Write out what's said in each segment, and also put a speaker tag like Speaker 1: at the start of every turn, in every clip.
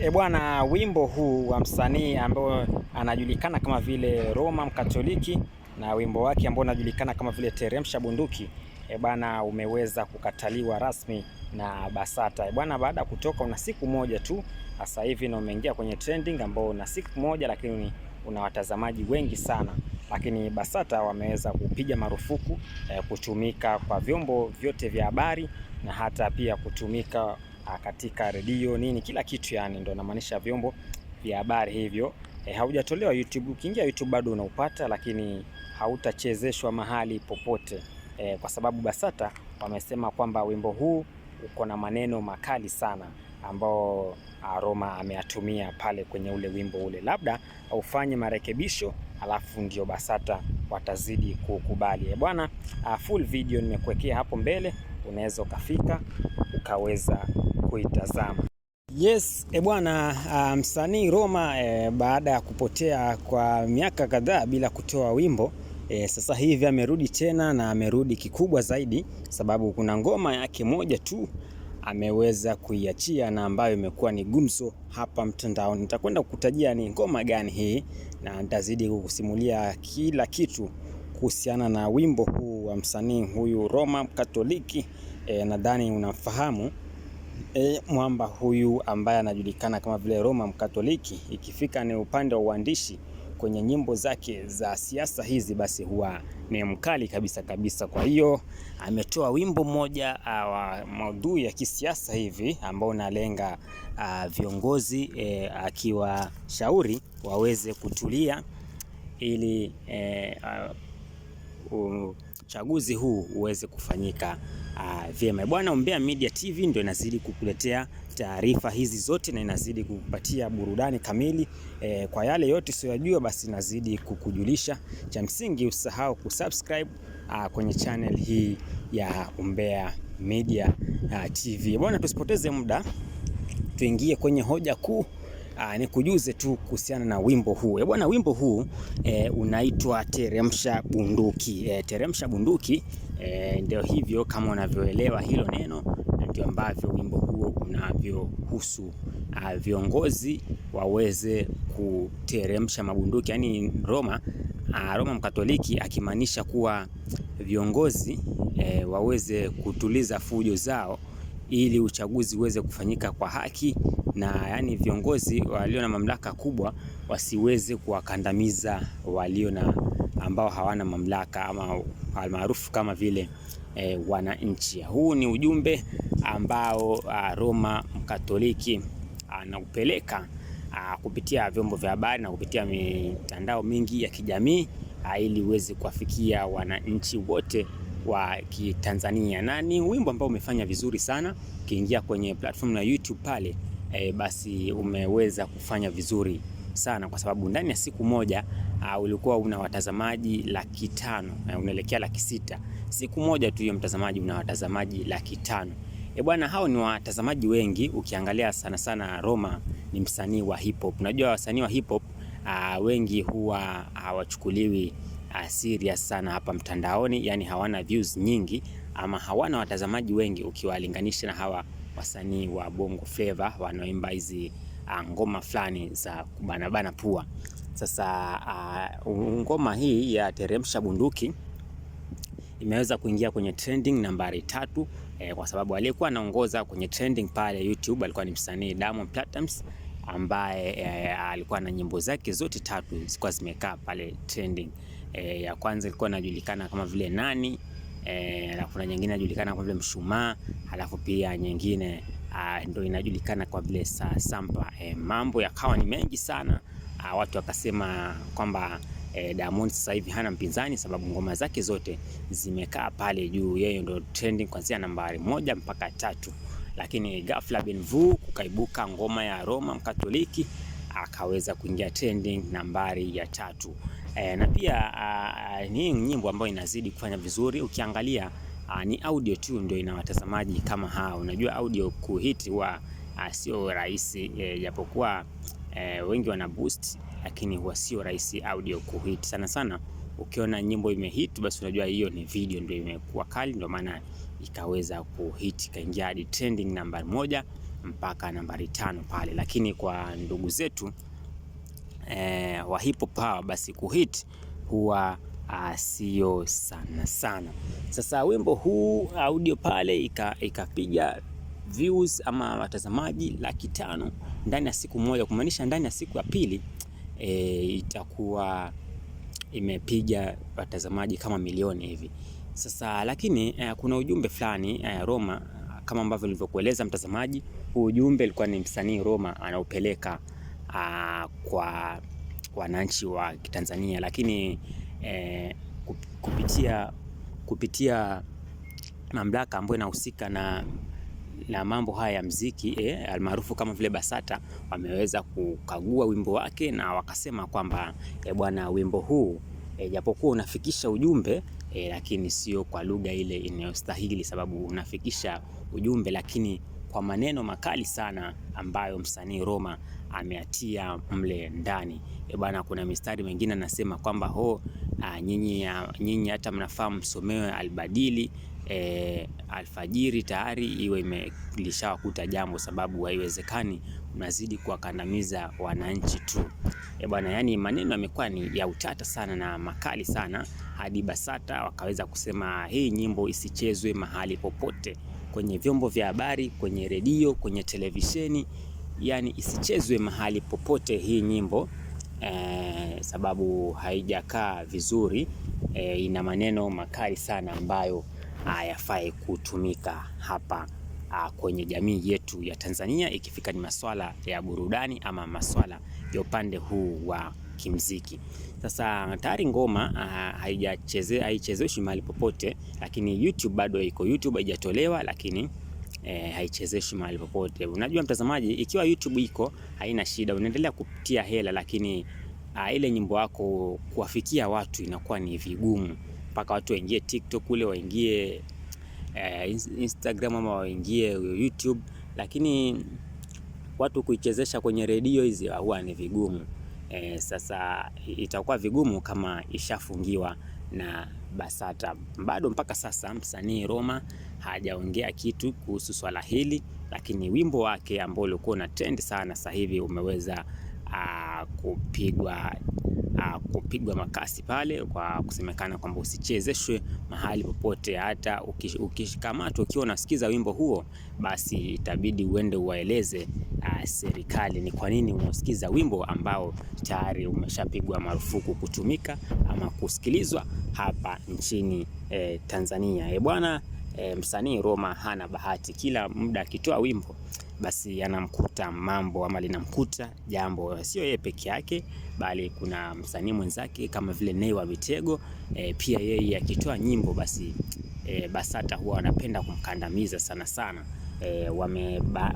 Speaker 1: E bwana, wimbo huu wa msanii ambao anajulikana kama vile Roma Mkatoliki na wimbo wake ambao unajulikana kama vile Teremsha Bunduki e bwana, umeweza kukataliwa rasmi na Basata e bwana, baada ya kutoka una siku moja tu sasa hivi, na umeingia kwenye trending ambao una siku moja, lakini una watazamaji wengi sana lakini Basata wameweza kupiga marufuku e, kutumika kwa vyombo vyote vya habari na hata pia kutumika Ah, katika redio nini, kila kitu yani, ndo namaanisha vyombo vya habari hivyo. E, haujatolewa YouTube. Ukiingia YouTube bado unaupata, lakini hautachezeshwa mahali popote e, kwa sababu BASATA wamesema kwamba wimbo huu uko na maneno makali sana ambao ah, Roma ameyatumia pale kwenye ule wimbo ule, labda aufanye marekebisho alafu ndio BASATA watazidi kukubali eh, bwana. Ah, full video nimekuwekea hapo mbele, unaweza ukafika ukaweza kuitazama.
Speaker 2: Yes, ebwana ah, msanii Roma e, baada ya kupotea kwa miaka kadhaa bila kutoa wimbo e, sasa hivi amerudi tena na amerudi kikubwa zaidi, sababu kuna ngoma yake moja tu ameweza kuiachia na ambayo imekuwa ni gumzo hapa mtandaoni. Nitakwenda kukutajia ni ngoma gani hii na nitazidi kukusimulia kila kitu kuhusiana na wimbo huu wa msanii huyu Roma Katoliki e, nadhani unamfahamu E, mwamba huyu ambaye anajulikana kama vile Roma Mkatoliki, ikifika ni upande wa uandishi kwenye nyimbo zake za siasa hizi, basi huwa ni mkali kabisa kabisa. Kwa hiyo ametoa wimbo mmoja wa maudhui ya kisiasa hivi ambao unalenga viongozi e, akiwashauri waweze kutulia ili e, a, uchaguzi huu uweze kufanyika. Uh, vyema bwana, Umbea Media TV ndio inazidi kukuletea taarifa hizi zote na inazidi kukupatia burudani kamili. E, kwa yale yote usiyojua basi inazidi kukujulisha. Cha msingi usahau kusubscribe uh, kwenye channel hii ya Umbea Media uh, ah, TV. Bwana, tusipoteze muda tuingie kwenye hoja kuu Aa, ah, kujuze tu kuhusiana na wimbo huu. Eh, bwana wimbo huu e, unaitwa Teremsha Bunduki. E, Teremsha Bunduki e, ndio hivyo kama unavyoelewa hilo neno ndio ambavyo wimbo huo unavyohusu ah, viongozi waweze kuteremsha mabunduki, yaani Roma a, ah, Roma Mkatoliki akimaanisha kuwa viongozi e, waweze kutuliza fujo zao ili uchaguzi uweze kufanyika kwa haki na yani viongozi walio na mamlaka kubwa wasiweze kuwakandamiza walio na ambao hawana mamlaka ama almaarufu kama vile e, wananchi. Huu ni ujumbe ambao a, ah, Roma Mkatoliki anaupeleka ah, kupitia vyombo vya habari na kupitia mitandao mingi ya kijamii ah, ili uweze kuwafikia wananchi wote wa Kitanzania, na ni wimbo ambao umefanya vizuri sana ukiingia kwenye platform na YouTube pale e, basi umeweza kufanya vizuri sana kwa sababu ndani ya siku moja uh, ulikuwa una watazamaji laki tano na eh, unaelekea laki sita siku moja tu hiyo mtazamaji una watazamaji laki tano e bwana, hao ni watazamaji wengi. Ukiangalia sana sana, Roma ni msanii wa hip hop. Unajua wasanii wa hip hop uh, wengi huwa hawachukuliwi uh, serious sana hapa mtandaoni, yani hawana views nyingi ama hawana watazamaji wengi ukiwalinganisha na hawa wasanii wa bongo flava wanaoimba hizi uh, ngoma fulani za kubanabana pua. Sasa uh, ngoma hii ya teremsha bunduki imeweza kuingia kwenye trending nambari tatu eh, kwa sababu aliyekuwa anaongoza kwenye trending pale YouTube alikuwa ni msanii Diamond Platnumz ambaye eh, alikuwa na nyimbo zake zote tatu zilikuwa zimekaa pale trending. Eh, ya kwanza ilikuwa inajulikana kama vile nani e, alafu kuna nyingine inajulikana kwa vile mshumaa, alafu pia nyingine ndio ah, ndo inajulikana kwa vile sa, sampa e, mambo yakawa ni mengi sana a, ah, watu wakasema kwamba e, Diamond sasa hivi hana mpinzani sababu ngoma zake zote zimekaa pale juu, yeye ndo trending kuanzia nambari moja mpaka tatu. Lakini ghafla Benvu kukaibuka ngoma ya Roma Mkatoliki akaweza kuingia trending nambari ya tatu. E, na pia uh, ni nyimbo ambayo inazidi kufanya vizuri ukiangalia uh, ni audio tu ndio ina watazamaji kama hao. Unajua audio kuhiti huwa uh, sio rahisi eh, japokuwa e, e, wengi wana boost, lakini huwa sio rahisi audio kuhiti sana sana. Ukiona nyimbo imehit, basi unajua hiyo ni video ndio imekuwa kali, ndio maana ikaweza kuhit ikaingia hadi trending nambari moja mpaka nambari tano pale, lakini kwa ndugu zetu e, wa hip hop basi kuhit huwa ah, sio sana sana. Sasa wimbo huu audio pale ikapiga ika views ama watazamaji laki tano ndani ya siku moja, kumaanisha ndani ya siku ya pili e, itakuwa imepiga watazamaji kama milioni hivi sasa. Lakini e, kuna ujumbe fulani e, Roma kama ambavyo nilivyokueleza mtazamaji, huu ujumbe ulikuwa ni msanii Roma anaupeleka Uh, kwa wananchi wa Tanzania, lakini eh, kupitia, kupitia mamlaka ambayo inahusika na na mambo haya ya mziki eh, almaarufu kama vile Basata wameweza kukagua wimbo wake na wakasema kwamba eh, bwana wimbo huu eh, japokuwa unafikisha ujumbe eh, lakini sio kwa lugha ile inayostahili, sababu unafikisha ujumbe lakini kwa maneno makali sana ambayo msanii Roma ameatia mle ndani. E eh bana, kuna mistari mingine anasema kwamba ho ah, nyinyi nyinyi hata mnafahamu msomewe albadili E, alfajiri tayari iwe imelishawakuta jambo, sababu haiwezekani mnazidi kuwakandamiza wananchi tu. E eh bana. yani maneno yamekuwa ni ya utata sana na makali sana, hadi BASATA wakaweza kusema hii nyimbo isichezwe mahali popote, kwenye vyombo vya habari, kwenye redio, kwenye televisheni yani isichezwe mahali popote hii nyimbo eh, sababu haijakaa vizuri eh, ina maneno makali sana ambayo hayafai kutumika hapa ah, kwenye jamii yetu ya Tanzania ikifika ni maswala ya burudani ama maswala ya upande huu wa kimziki. Sasa tayari ngoma ah, haichezeshi mahali popote, lakini YouTube bado iko. YouTube haijatolewa lakini e, haichezeshi mahali popote. Unajua mtazamaji, ikiwa YouTube iko haina shida, unaendelea kutia hela, lakini a, ah, ile nyimbo yako kuwafikia watu inakuwa ni vigumu, mpaka watu waingie TikTok kule waingie e, Instagram ama waingie YouTube, lakini watu kuichezesha kwenye redio hizi huwa ni vigumu. E, sasa itakuwa vigumu kama ishafungiwa na BASATA. Bado mpaka sasa msanii Roma hajaongea kitu kuhusu swala hili, lakini wimbo wake ambao ulikuwa na trend sana sasa hivi umeweza uh, kupigwa uh, kupigwa makasi pale kwa kusemekana kwamba usichezeshwe mahali popote, hata ukishikamatwa ukiwa unasikiza wimbo huo, basi itabidi uende uwaeleze uh, serikali ni kwa nini unasikiza wimbo ambao tayari umeshapigwa marufuku kutumika ama kusikilizwa hapa nchini e, Tanzania. E bwana e, msanii Roma hana bahati, kila muda akitoa wimbo basi anamkuta mambo ama linamkuta jambo. Sio yeye peke yake, bali kuna msanii mwenzake kama vile Nay wa Mitego e, pia yeye akitoa nyimbo basi e, BASATA huwa wanapenda kumkandamiza sana sana. E, wamebania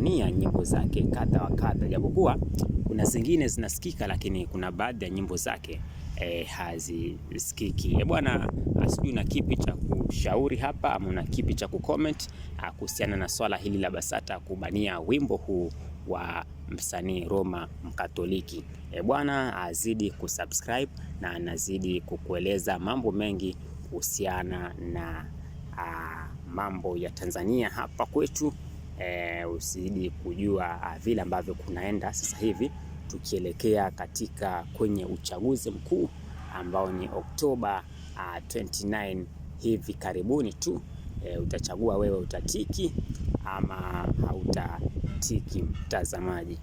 Speaker 2: wame nyimbo zake kadha wa kadha, japokuwa kuna zingine zinasikika, lakini kuna baadhi ya nyimbo zake eh, hazisikiki e bwana. asijui na kipi cha kushauri hapa ama una kipi cha kucomment ah, kuhusiana na swala hili la Basata kubania wimbo huu wa msanii Roma Mkatoliki. E bwana, azidi kusubscribe na anazidi kukueleza mambo mengi kuhusiana na a, ah, mambo ya Tanzania hapa kwetu. E, usizidi kujua ah, vile ambavyo kunaenda sasa hivi tukielekea katika kwenye uchaguzi mkuu ambao ni Oktoba uh, ah, 29 hivi karibuni tu. E, utachagua wewe utatiki ama hautatiki mtazamaji.